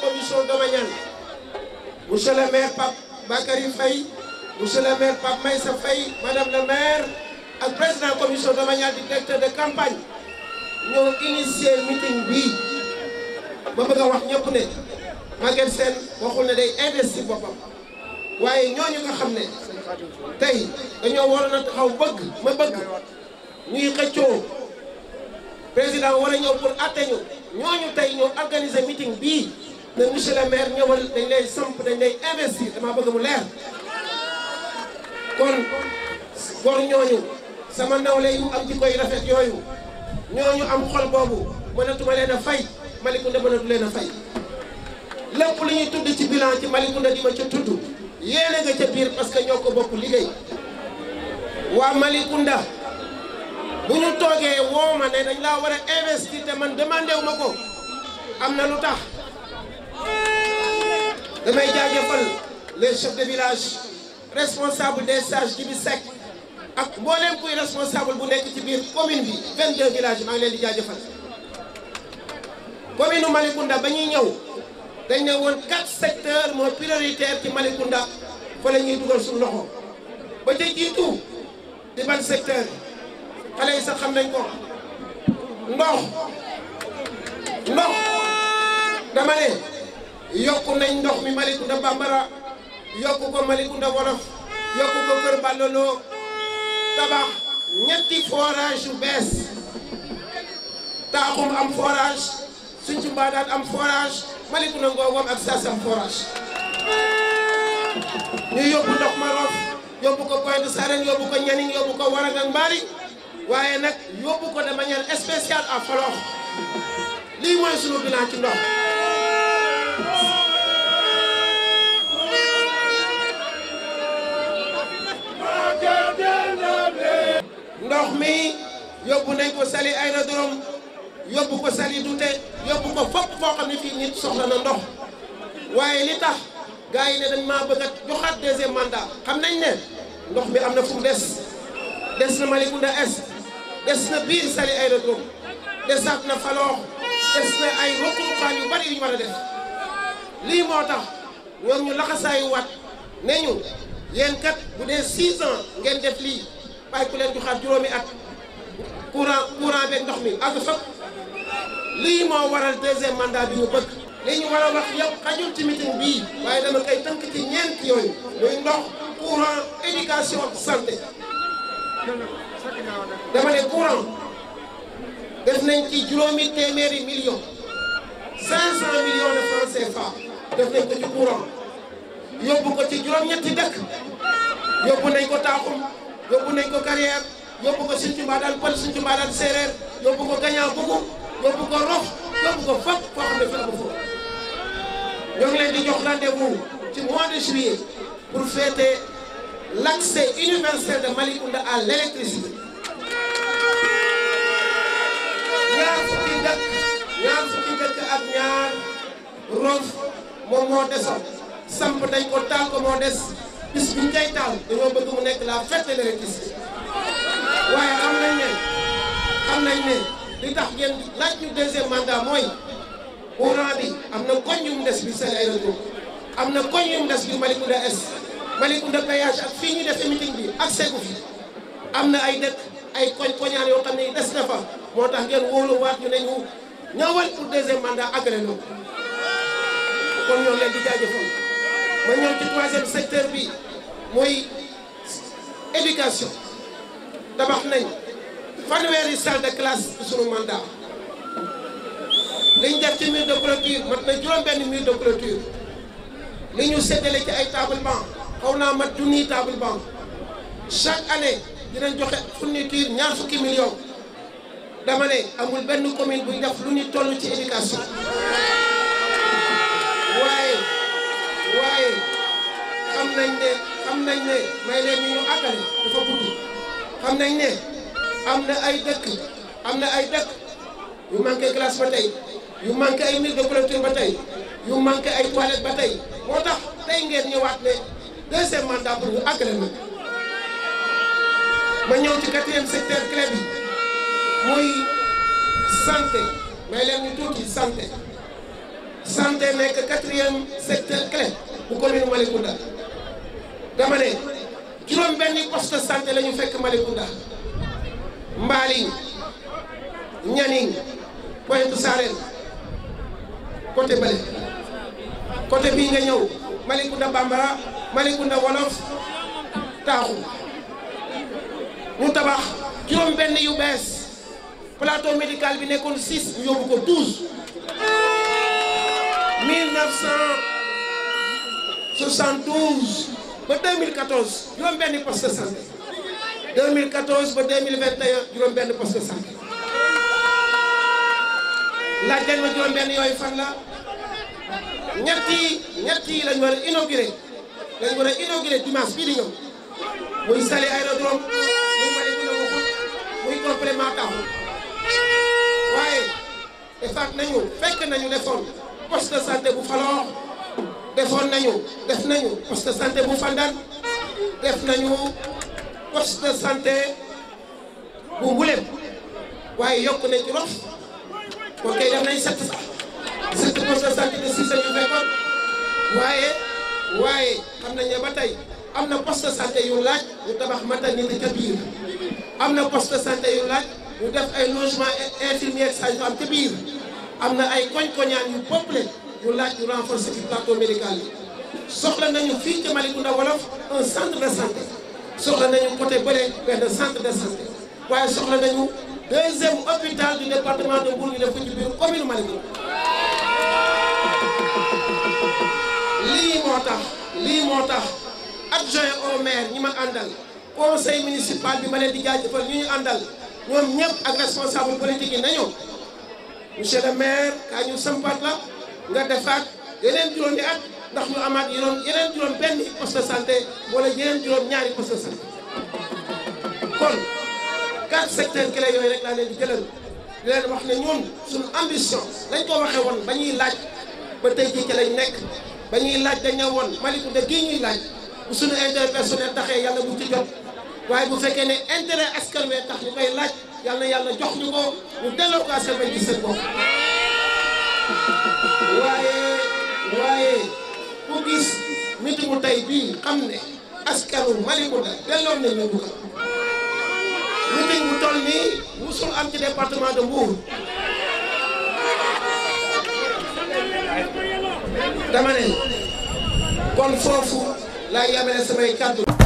commission domaniale monsieur le maire Pape Bakary fay monsieur le maire Pape Maïssa Faye madame le ak président commission domaniale di de campagne ñoo initié meeting bii ba bëgg a wax ñëpp ne Maguette Sène waxul ne day investir boppam waaye ñooñu nga xam ne tey dañoo waroon a taxaw bëgg ma bëgg ñuy xëccoo président war a ñëw pour atte ñu ñooñu tey ñoo organiser meeting bii ne monsieur le maire ñëwal dañ lay samp dañ lay investir dama bëgg mu leer kon gor ñooñu sama nawle yu am jikko yu rafet yooyu ñooñu am xol boobu mënatuma leen a fay mënatu leen a fay lépp lu ñuy tudd ci bilan ci Malicounda di ma ca tudd yéene nga ca biir parce que ñoo ko bokk liggéey waa Malicounda bu ñu toogee woo ma ne dañ laa war a investir te man demandé wu ma ko am na lu tax damay jaajëfal les chefs de village responsable des sages du BISEC, ak mboolem kuy responsable bu nekk ci commune 22 villages je ngi leen di jaajëfal commune u Malicounda ba ñuy prioritaires dañ ne pour quatre secteurs moo prioritaire ci Malicounda fa la ñuy dugal suñu loxo ba ca jiitu di ban secteur xale yi xam nañ ko dama yokk nañ ndox mi Malicounda Bambara yokku ko Malicounda Wolof yokku ko Kër Ballolo ñetti forage yu bees taaxum am forage suñ ci mbaadaan am forage Malicounda Ngogom ak am forage ñu yóbbu ndox ma Rof yóbbu ko Pointe Sarène yóbbu ko Nianing yóbbu ko Warang ak Mbari waaye ko de manière spéciale à Falokh lii mooy sunu bilan ci ndox ndox mi yóbbu nañ ko Saly aérodrome yóbbu ko du Douté yóbbu ko fopp foo xam ne fii nit soxla na ndox waaye li tax gars yi ne dañ maa bëgg a joxaat deuxième mandat xam nañ ne ndox mi am na fu des des na Malicounda Est des na biir Saly aérodrome desaat na Falokh des na ay rëkku yu bari war a def. lii moo tax ñoom ñu laxasaayu wat ne ñu yéen bu dee 6 ans ngeen def lii bàyyi ku leen juróomi at courant courant beeg ndox mi ak fëpp lii moo waral deuxième mandat bi ñu bëgg. li ñu war a wax yow xajul ci meeting bii waaye dama koy tënk ci ñeent yooyu muy ndox courant éducation santé dama ne courant def nañ ci juróomi téeméeri millions 500 millions de francs CFA. def nañ ko ci Mbuuram yóbbu ko ci juróom-ñetti dëkk yóbbu nañ ko Taaxum yóbbu nañ ko Carrière yóbbu ko Sinthiou Mbadane Pël Sinthiou Mbadane Séeréer yóbbu ko Gagnant Gougou yóbbu ko Rof yóbbu ko fop foo xam ne fi amu ko ñoo ngi leen di jox rendez-vous ci mois de juillet pour fêter l'accès universel de Malicounda à l'électricité ñaar fukki dëkk ñaar fukki dëkk ak ñaar Rof moom moo desoon samp dañ ko taal ko moo des bi ñu koy taal dañoo bëgg mu nekk la fête de l'électricité waaye am na ne am nañ ne li tax ngeen laaj ñu deuxième mandat mooy courant bi am na koñ yu des bi seen aérodrome am na koñ yu mu des bi Malicounda Est Malicounda péage ak fii ñu def meeting bi ak segu am na ay dëkk ay koñ koñaan yoo xam ne des na fa moo tax ngeen wóolu waat ñu ne ñu ñëwal pour deuxième mandat agréé comme nous leen l'éducation. troisième secteur éducation salle de classe le mandat Nous avons de clôture mat na avons de clôture Nous table table chaque année nous avons fourniture millions dama avons amul commune def lu une éducation. waaye waaye xam nañ ne xam nañ ne may leen ñu ñu àggale dafa guddi xam nañ ne am na ay dëkk am na ay dëkk yu manqué glace ba tey yu manqué ay mille de clôture ba tey yu manqué ay toilette ba tey moo tax tey ngeen ñëwaat ne deuxième mandat pour ñu àggale nag ma ñëw ci quatrième secteur clé bi muy santé may leen ñu tuuti santé santé nekk quatrième secteur clé bu commune Malicounda dama ne juróom benni poste de santé la fekk Malicounda Mbaling Nianing Pointe Sarène côté bale côté bii nga ñëw Malicounda Bambara Malicounda Wolof Taaxu ñu tabax juróom benn yu bees plateau médical bi nekkoon six ñu yóbbu ko douze 1972 ba 2014 juróom-benn poste de santé 2014 ba 2021 juróom-benn poste de santé laaj leen ma juróom-benn yooyu fan la ñetti ñetti lañ war a inauguré lañ war a inauguré bii di ñëw muy Saly aérodrome muy Malicounda Mokhout muy complément waaye defaat nañu fekk nañu defoon. poste de santé bu Falokh defoon nañu def nañu poste de santé bu Fandane def nañu poste de santé bu Mbulem waaye yokk nañ ci Roff kon kay def nañ set sax set poste de santé de Cissé waaye waaye xam nañ ne ba tey am na poste de santé yu laaj ñu tabax maternité ca biir am na poste de yu laaj ñu def ay logement infirmier sage-femme ca biir am na ay koñ-koñaan yu peuplé yu laaj ñu renforcer le plateau médical yi soxla nañu fii ci Malicounda Wolof un centre de santé soxla nañu côté vers un centre de santé waaye soxla nañu deuxième hôpital du département de Mbour ñu def ko ci biir commune Malicounda lii moo adjoint au maire ñi ma conseil municipal bi ma leen di jaajëfal ñu ñu àndal ñoom ak responsable politique nañu monsieur le maire kaa ñu sampat la nga defaat yeneen juróomi at ndax ñu amaat yeneen yeneen juróom benn poste de santé wala yeneen juróom ñaari poste de santé kon quatre secteurs clés yooyu rek laa leen di jëlal di leen wax ne ñun suñu ambition lañ ko waxee woon ba ñuy laaj ba tey jii ci lañ nekk ba ñuy laaj dañ ne woon Malicounda gii ñuy laaj bu suñu intérêt personnel taxee yàlla bu ci jot waaye bu fekkee ne intérêt askan wi tax ñu koy laaj. yal na yàlla jox ñu ko ñu delloo ko askan bay gis waaye waaye ku gis meeting tey bii xam ne askanu Malicounda delloo nañ la dugal meeting bu toll nii musul am ci département de Mbour dama ne kon foofu laa yamale samay kàddu